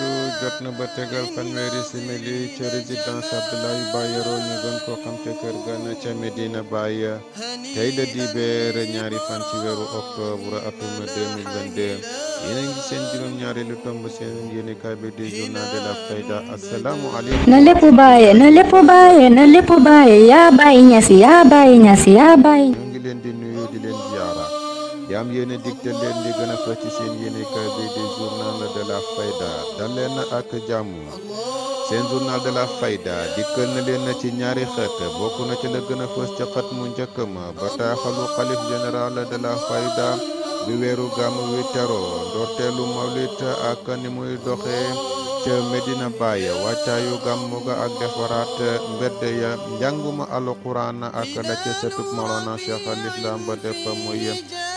waxtu jot na ba tegal fanweeri simili ca résidence Abdoulaye Baye Yoro ñu gën ko xam ca kër gana ca Medina Baye tey la dibeer ñaari fan ci weeru octobre atum 2022 yéen a ngi seen juróom ñaari lu tomb seen yéenekaay bi di journal de la fayda assalaamu aleykum na lépp bàyye na lépp bàyye na lépp bàyye yaa bàyyi ñasi yaa bàyyi ñasi yaa bàyyi ñu ngi leen di nuyu di leen ziyaara yam yene yéene digte leen li gën a seen bi di journal de la fayda dal leen ak jàmm seen journal de la fayda dikkal na leen na ci ñaari xët bokk na ci la gën a fës ca xët mu njëkk ma bataaxalu xalif général de la fayda bi weeru gàmmu wi ak ni muy doxee ca Medina Baye wàccaayu gàmmu ga ak defaraat mbedd ya njànguma alquran ak la ca sëtub Mawlana Cheikh al Islam ba def muy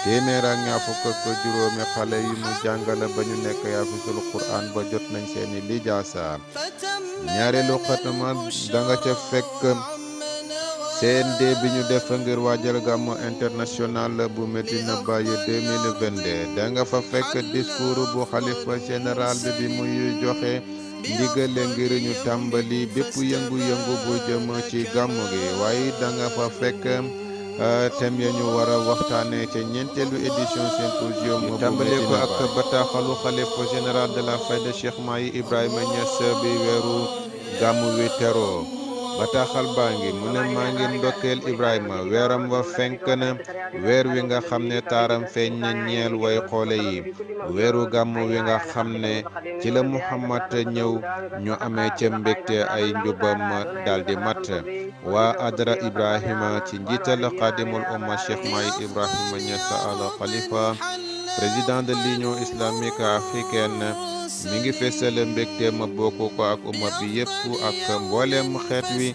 téeméer ak ñaar fukk ak juróomi xale yi mu jàngale ba ñu nekk yaafisul quraan ba jot nañ seeni lijaasa ñaareelu xatma da nga ca fekk CND bi ñu def ngir waajal gàmmu international bu Medina Baye 2022 da nga fa fekk discours bu xalifa général bi bi muy joxe ndigale ngir ñu tàmbali bépp yëngu-yëngu bu jëm ci gàmmu gi waaye da fa fekk. Euh, thème ya ñu war a waxtaanee ca ñeenteelu édition symposium mu tàmbale ko ak bataaxalu xalifa général de la Fayda Cheikh Mahi Ibrahima Niass bi weeru gàmmu wi teroo bataaxal baa ngi mu ne maa ngi ndokkeel Ibrahima weeram wa fenk na weer wi nga xam ne taaram feeñ na ñeel way xoole yi weeru gàmm wi nga xam ne ci la Muhammad ñëw ñu amee ca mbégte ay njubam daldi mat waa adra Ibrahima ci njiital xaadimul umma Cheikh Mahi Ibrahima Niass al Khalifa président de l'Union islamique africaine mi ngi fésal mbégteem bokk ko ak umma bi yëpp ak mbooleem xeet wi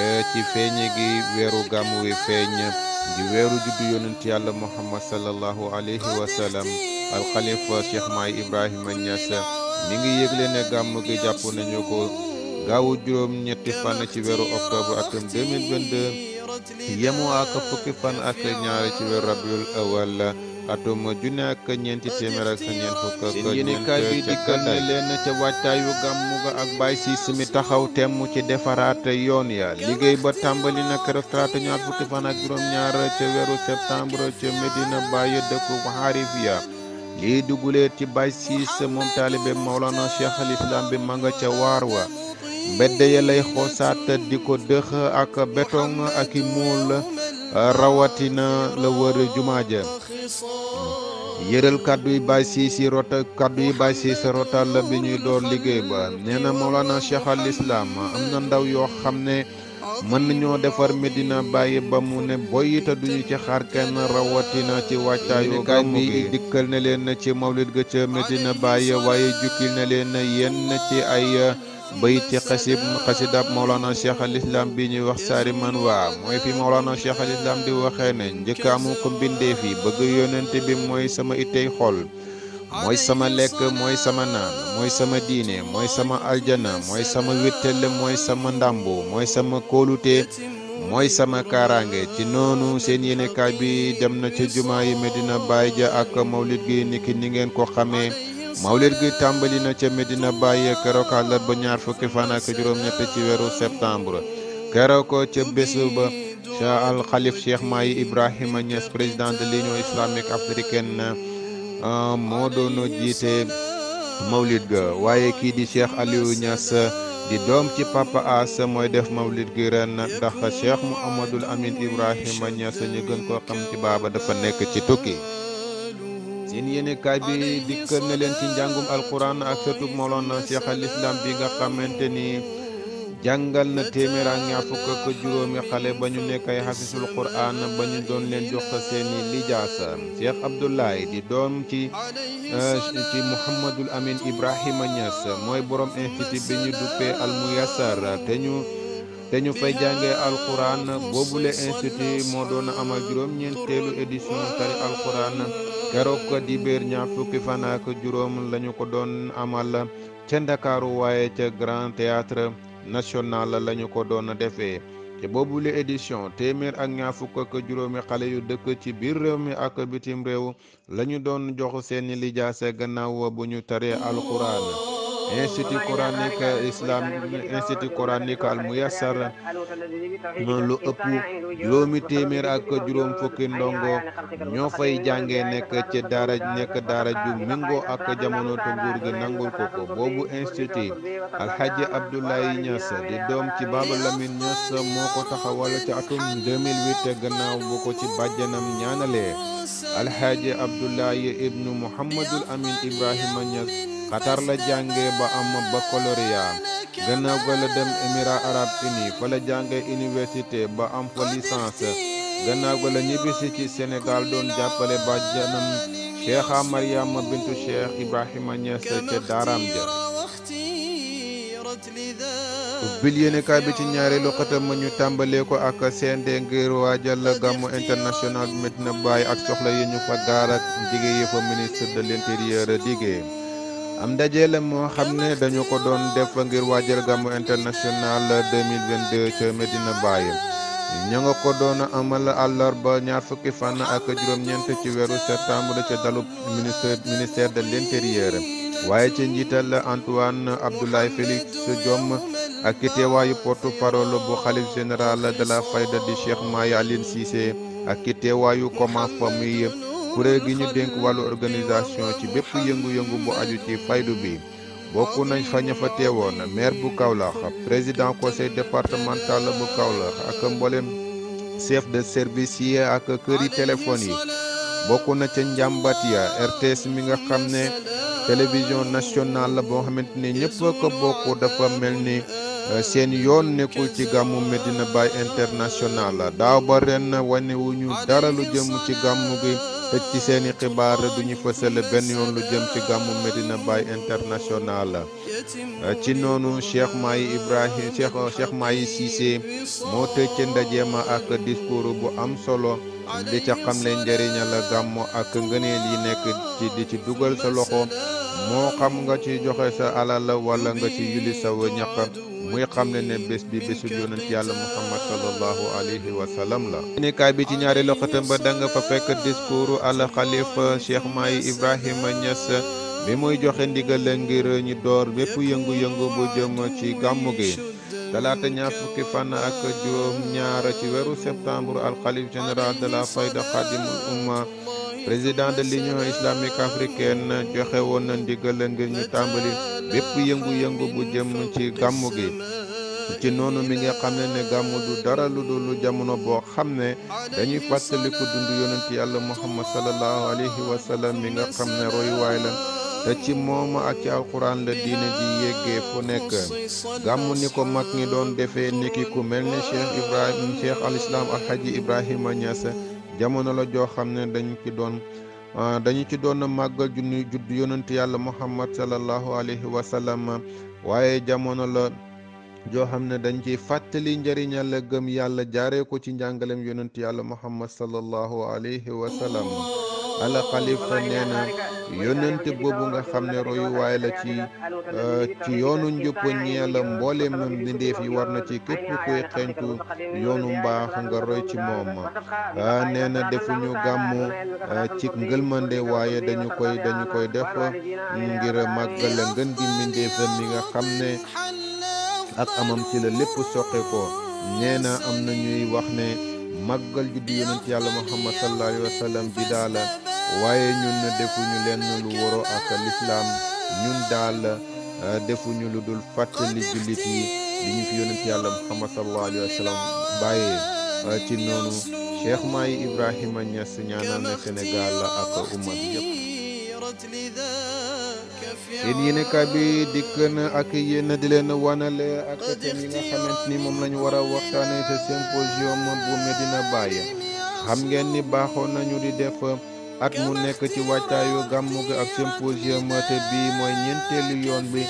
e, ci feeñ gi weeru gàmmu wi feeñ di weeru juddu yonent yàlla muhammad sallallahu alayhi wa sallam alxalifa cheikh maay ibrahima Niass mi ngi yëgle ne gàmmu gi jàpp nañu ko gaawu juróom ñetti fan ci weeru octobre atum 2022 yemoo ak fukki fan ak ñaar ci weeru rabiul awal atum junne ak ñeenti téeméer ak ñeent fukk ak ñeent bi dikkal na leen ca wàccaayu gàmmu ga ak Baye Cissé mi taxaw temm ci defaraat yoon ya liggéey ba tàmbali na keroog talaata ñaar fukki fan ak juróom-ñaar ca weeru septembre ca Medina Baye dëkku Harifia lii dugulee ci Baye Cissé moom taalibe Mawlana Cheikh al Islam bi ma nga ca waar wa mbedd ya lay xosaat di ko dëx ak béton ak i muul rawatina la wër jumaa ja yëral kàddu yi bàyyi si rotal bi ñuy door liggéey ba nee na Mawlana Cheikh al Islam am na ndaw yoo xam ne mën nañoo defar Medina Baye ba mu ne boy duñu ci xaar kenn rawatina ci wàccaayu gàmmu gi dikkal na leen ci mawlid ga ca Medina Baye waaye jukkil na leen yenn ci ay. bayit ci xasib xasidab Mawlana Cheikh al Islam bi ñuy wax saari man waa mooy fi Mawlana Cheikh al Islam di waxee na njëkk amu ko mbindeef yi bëgg yonente bi mooy sama itey xol mooy sama lekk mooy sama naan mooy sama diine mooy sama aljana mooy sama wéttale mooy sama ndàmbu mooy sama kóolute mooy sama kaaraange ci noonu seen yéenekaay bi dem na ca jumaa yi Medina Baye ja ak mawlid gi niki ni ngeen ko xamee mawlid gi tàmbali na ca Medina Baye keroog ba ñaar fukki fan ak juróom-ñett ci weeru septembre keroog ca bésu ba ca al xalif Cheikh Mahi Ibrahima Niass président de l'Union islamique africaine euh, moo doon jiite mawlid ga waaye kii di Cheikh Aliou Niass di doom ci papa as mooy def mawlid gi ren ndax Cheikh Mouhamadul Amin Ibrahima Niass ñu gën koo xam ci baaba dafa nekk ci tukki. seen yéene kaay bi dikkal na leen ci njàngum alquran ak surtout Mawlana Cheikh al Islam bi nga xamante ni jàngal na téeméer ak ñaar fukk ak xale quran banyudon ñu doon leen jox seeni lijaasa Cheikh Abdoulaye di doom ci ci muhammadul Amin ibrahim Niass mooy borom institut bi ñu Al Muyassar te ñu. te ñu fay jàngee alquran boobule institut moo doon amal juróom-ñeenteelu édition tari alquran keroog dibéer ñaar fukki fan ak juróom lañu ko doon amala ca ndakaaru waaye ca grand théâtre national lañu ko doon defee te boobule édition téeméer ak ñaar fukk juróomi xale yu dëkk ci biir réew mi ak bitim réew lañu doon jox seeni lijaase gannaaw bu ñu taree alxuraan institut coranique islam institut coranique al muyassar lu ëpp juróomi téeméer ak juróom fukki ndongo ñoo fay jànge nekk ci daara nekk daara ju méngoo ak jamono te nguur gi nangul ko ko boobu institut alxaaji Abdoulaye Niass di doom ci Baaba Lamine Niass moo ko taxawal ci atum 2008 gannaaw bu ko ci bàjjanam ñaanalee alxaaji Abdoulaye ibnu Muhammadul Amin Ibrahima Niass Qatar la jàngee ba am baccalauréat gannaaw ga la dem Émirats Arabes Unis fa la jàngee université ba am fa licence gannaaw ga la ñibbisi ci Sénégal doon jàppale bàjjanam Cheikha Mariama bintu Cheikh Ibrahima Niass ca daaraam ja ubbil yéenekaay bi ci ñaareelu xëtam ñu tàmbalee ko ak CND ngir waajal gàmmu international Medina Baye ak soxla yi ñu fa gaar ak jigéen fa ministre de l'intérieur diggee am ndaje la moo xam ne dañu ko doon def ngir waajal gàmmu international 2022 ca Medina Baye ñu nga ko doon amal àllarba ñaar fukki fànn ak juróom-ñeent ci weeru septembre ca dalub ministère ministère de l'intérieur waaye ci njiital Antoine Abdoulaye Félix Diome ak teewaayu porte-parole bu xalif général de la Fayda di Cheikh Mahi Alioune Cissé ak teewaayu COMAF muy. kuréel gi ñu dénk wàllu organisation ci bépp yëngu-yëngu bu aju ci faydu bi bokku nañ fa ña fa teewoon maire bu Kaolack président conseil départemental bu Kaolack ak mboolem chef de service yi ak këri téléphone yi bokk na ca njàmbat ya RTS mi nga xam ne télévision nationale la boo xamante ne ñëpp ko bokk dafa mel ni euh, seen yoon nekkul ci gàmmu Medina Baye international daaw ba ren wane wu ñu dara lu jëm ci gàmmu gi. teg ci seeni xibaar duñu fësale benn yoon lu jëm ci gàmmu Medina Baye International ci noonu Cheikh Mahi Ibrahim Cheikh Cheikh Mahi Cissé moo tëj ndajeema ak discours bu am solo di ca xamle njëriña la gàmmu ak ngëneel yi nekk ci di ci dugal sa loxo moo xam nga ci joxe sa alal wala nga ci yuli sa ñaq muy xam ne ne bés bi bésu yonent yàlla muhammad sallallahu alayhi wa sallam la nikaay bi ci ñaari loxatam ba da fa fekk discours al xalifa cheikh maay ibrahima ñas bi muy joxe ndigal ngir ñu door bépp yëngu-yëngu bu jëm ci gàmmu gi talaata ñaar fukki fan ak juróom ñaar ci weeru septembre al xalif général de fayda xadimul umma président de l'union islamique na joxe woon na ndigal ngir ñu tàmbali bépp yëngu-yëngu bu jëm ci gàmmu gi ci noonu mi nga xam ne ne gàmmu ju dara lu dul jamono boo xam ne dañuy fàttaliku dund yonent yàlla muhammad sallallahu alayhi wa sallam mi nga xam ne royuwaay la te ci moom ak ci alxuraan la diine ji yéggee fu nekk gàmmu ni ko mag ñi doon defee niki ku mel ne cheikh ibrahim cheikh al islam alhaji ibrahima Niass jamono la joo xam ne dañu ci doon ah, dañu ci doon màggal junni judd yonent yàlla muhammad sallallahu alayhi wa sallam waaye jamono la joo xam ne dañ ciy fàttali njëriñal la gëm yàlla jaaree ko ci njàngalem yonent yàlla muhammad sallallahu alayhi wa sallam ala xalifa nee na yónnante boobu nga xam ne royuwaay la ci euh, ci yoonu njëpp ñeela mbooleem mbindeef yi war na ci képp kuy xentu yoonu mbaax nga roy ci moom euh, nee na defuñu gàmmu euh, ci ngëlmande waaye dañu koy dañu koy def ngir màggal ngën gi mbindeef mi nga xam ne ak amam ci la lépp soqe ko nee na am na ñuy wax ne màggal juddu yonent yàlla muhammad sallallahu alayhi wa bi daala waaye ñun defuñu leen lu woro ak lislaam ñun daal euh, defuñu lu dul fàttali jullit yi di ñu fi yonent yàlla muhammad sallallahu alayhi wa sallam bàyyee euh, ci noonu cheikh maayi ibrahima ñas ñaanal na sénégal ak ummat yépp seen yéenekaay bi dikk na ak yéen di leen wanale ak thème yi nga xamante ni moom lañu ñu war a waxtaane sa symposium bu Medina Baye xam ngeen ni baaxoon nañu di def at mu nekk ci wàccaayu gàmmu gi ak symposium te bii mooy ñeenteelu yoon bi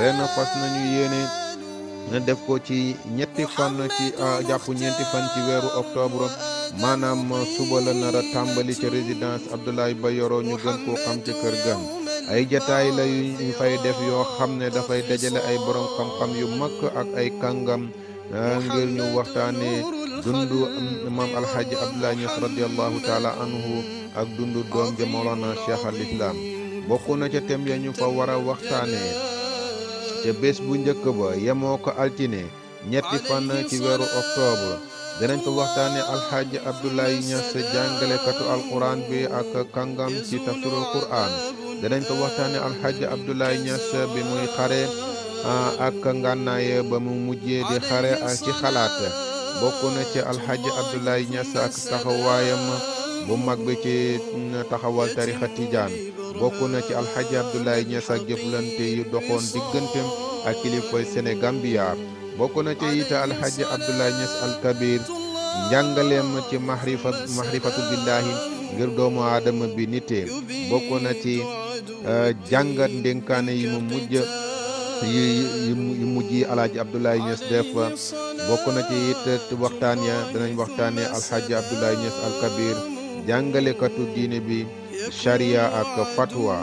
ren fas nañu yéene def ko ci ñetti fan ci jàpp ñeenti fan ci weeru octobre maanaam suba la nar a tàmbali ci résidence ba Bayoro ñu gën koo xam ci kër gan ay jataay la ñu fay def yoo xam ne dafay dajale ay borom xam-xam yu mag ak ay kàngam ngir ñu waxtaane dundu mm, maam alxaaji Abdoulaye Niass radiallahu taala anhu ak dundu doom ja Mawlana Cheikh al Islam bokk na ca tem ya ñu fa war a waxtaanee ca bés bu njëkk ba yemoo ko altine ñetti fan ci weeru octobre danañ ko waxtaane alxaaji abdoulaye alquran bi ak kàngam ci tafsirul quran danañ ko waxtaane alxaaji abdoulaye Se bi muy xare ak ngànnaaye ba mu mujjee di xare ak ci xalaat bokk na ci alxaaji abdoulaye se ak taxawaayam bu mag bi ci taxawal tarixa tijaan bokk na ci alxaji Abdoulaye Niass ak jëflante yu doxoon digganteem ak kilifay Sénégambia bokk na ci it alxaji Abdoulaye Niass al njàngaleem ci maxrifa maxrifatu billaahi ngir doomu aadama bi nitee bokk na ci euh, jàngat ndénkaane yi mu mujj yu mujj yi alaaji Abdoulaye Niass def bokk na ci it waxtaan ya danañ waxtaane alxaji Abdoulaye Niass al jàngalekatu diine bi charia ak fatwa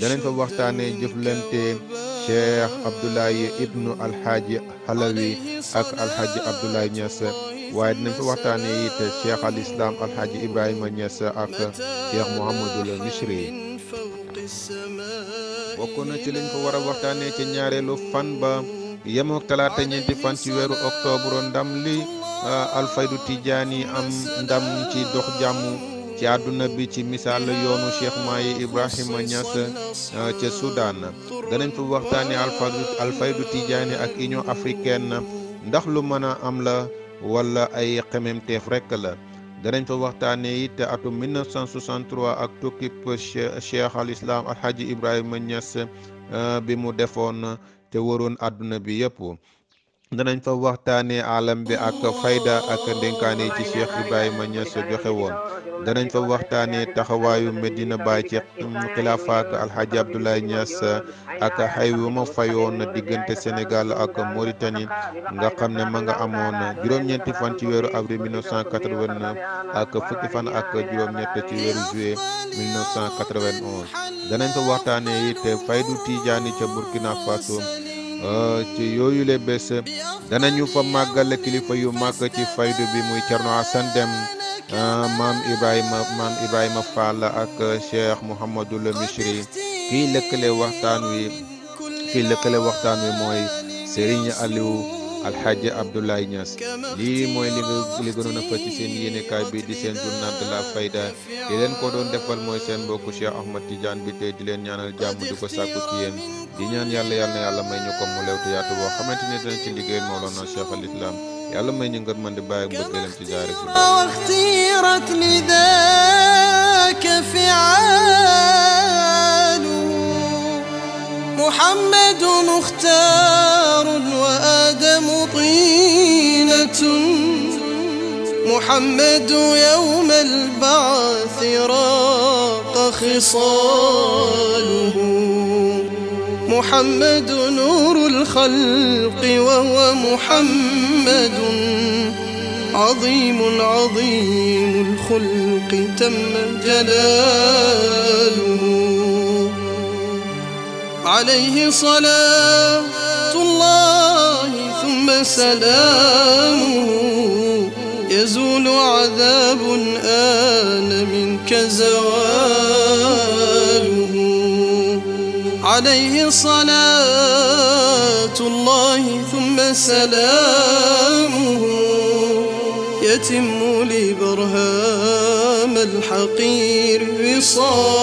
danañ fa waxtaane jëflante cheikh abdoulaye ibnu alhaaji halawi ak alhaaji abdoulaye Niass waaye dinañ fa waxtaane it cheikh al islam alhaaji ibrahima Niass ak cheikh mouhamadul misri bokk ci lañ fa war a waxtaane ci ñaareelu fan ba yemook talaata ñeenti fan ci weeru octobre ndam li ah, alfaydu tijaani am ndam ci dox jàmm ci àdduna bi ci misaal yoonu Cheikh Mahi Ibrahima Niass euh, ca Soudan danañ fa waxtaane alfaydu tijaani ak union africaine ndax lu mën a am la wala ay xememteef rekk la danañ fa waxtaane it atum 1963 ak tukkib cheikh al islam alhaji Ibrahima ñas euh, bi mu defoon te waroon àdduna bi yëpp danañ fa waxtaanee alam bi ak fayda ak ndénkaane ci Cheikh Ibrahima Niass joxe woon danañ fa waxtaanee taxawaayu Medina Baye ci xilaafa ak Alhaji Abdoulaye Niass ak xay wu ma fayoon diggante Sénégal ak Mauritanie nga xam ne ma nga amoon juróom-ñetti fan ci weeru avril 1989 ak fukki fan ak juróom-ñett ci weeru juillet 1991 danañ fa waxtaanee it faydu tijaani ca Burkina Faso. Euh, ci yooyu le bés danañu fa màggale kilifa yu màgg ci faydu bi muy Thierno Assane Deme euh, maam Ibrahima maam Ibrahima Fall ak euh, Cheikh Mouhamadul Misri kii lëkkale waxtaan wi kii lëkkale waxtaan wi mooy Serigne Aliou. Al Abdoulaye Abdullah lii li li bi di seen journal de la fayda di leen ko doon defal mooy seen Cheikh Ahmad Tidiane bi tey di leen ñaanal jàmm di ko sàkku ci yéen di ñaan yàlla yàlla yàlla may ñu ko mu lewtu yaatu Cheikh al Islam yàlla may ñu ngër mën di ci محمد مختار وآدم طينة محمد يوم البعث راق خصاله محمد نور الخلق وهو محمد عظيم عظيم الخلق تم جلاله عليه صلاة الله ثم سلامه يزول عذاب آن منك زواله عليه صلاة الله ثم سلامه يتم لبرهام الحقير فصاله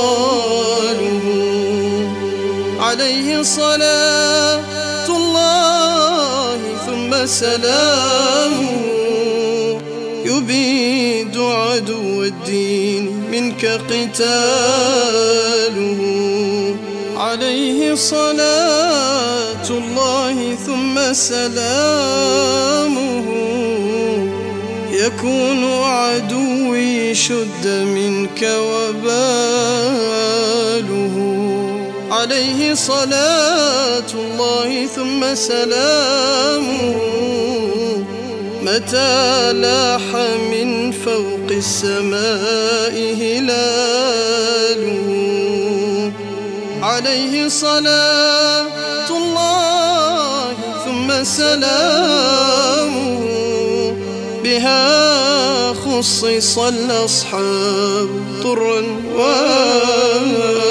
عليه صلاة الله ثم سلامه يبيد عدو الدين منك قتاله عليه صلاة الله ثم سلامه يكون عدوي شد منك وباله عليه صلاة الله ثم سلامه متى لاح من فوق السماء هلال عليه صلاة الله ثم سلامه بها خصص الأصحاب طرا وآلا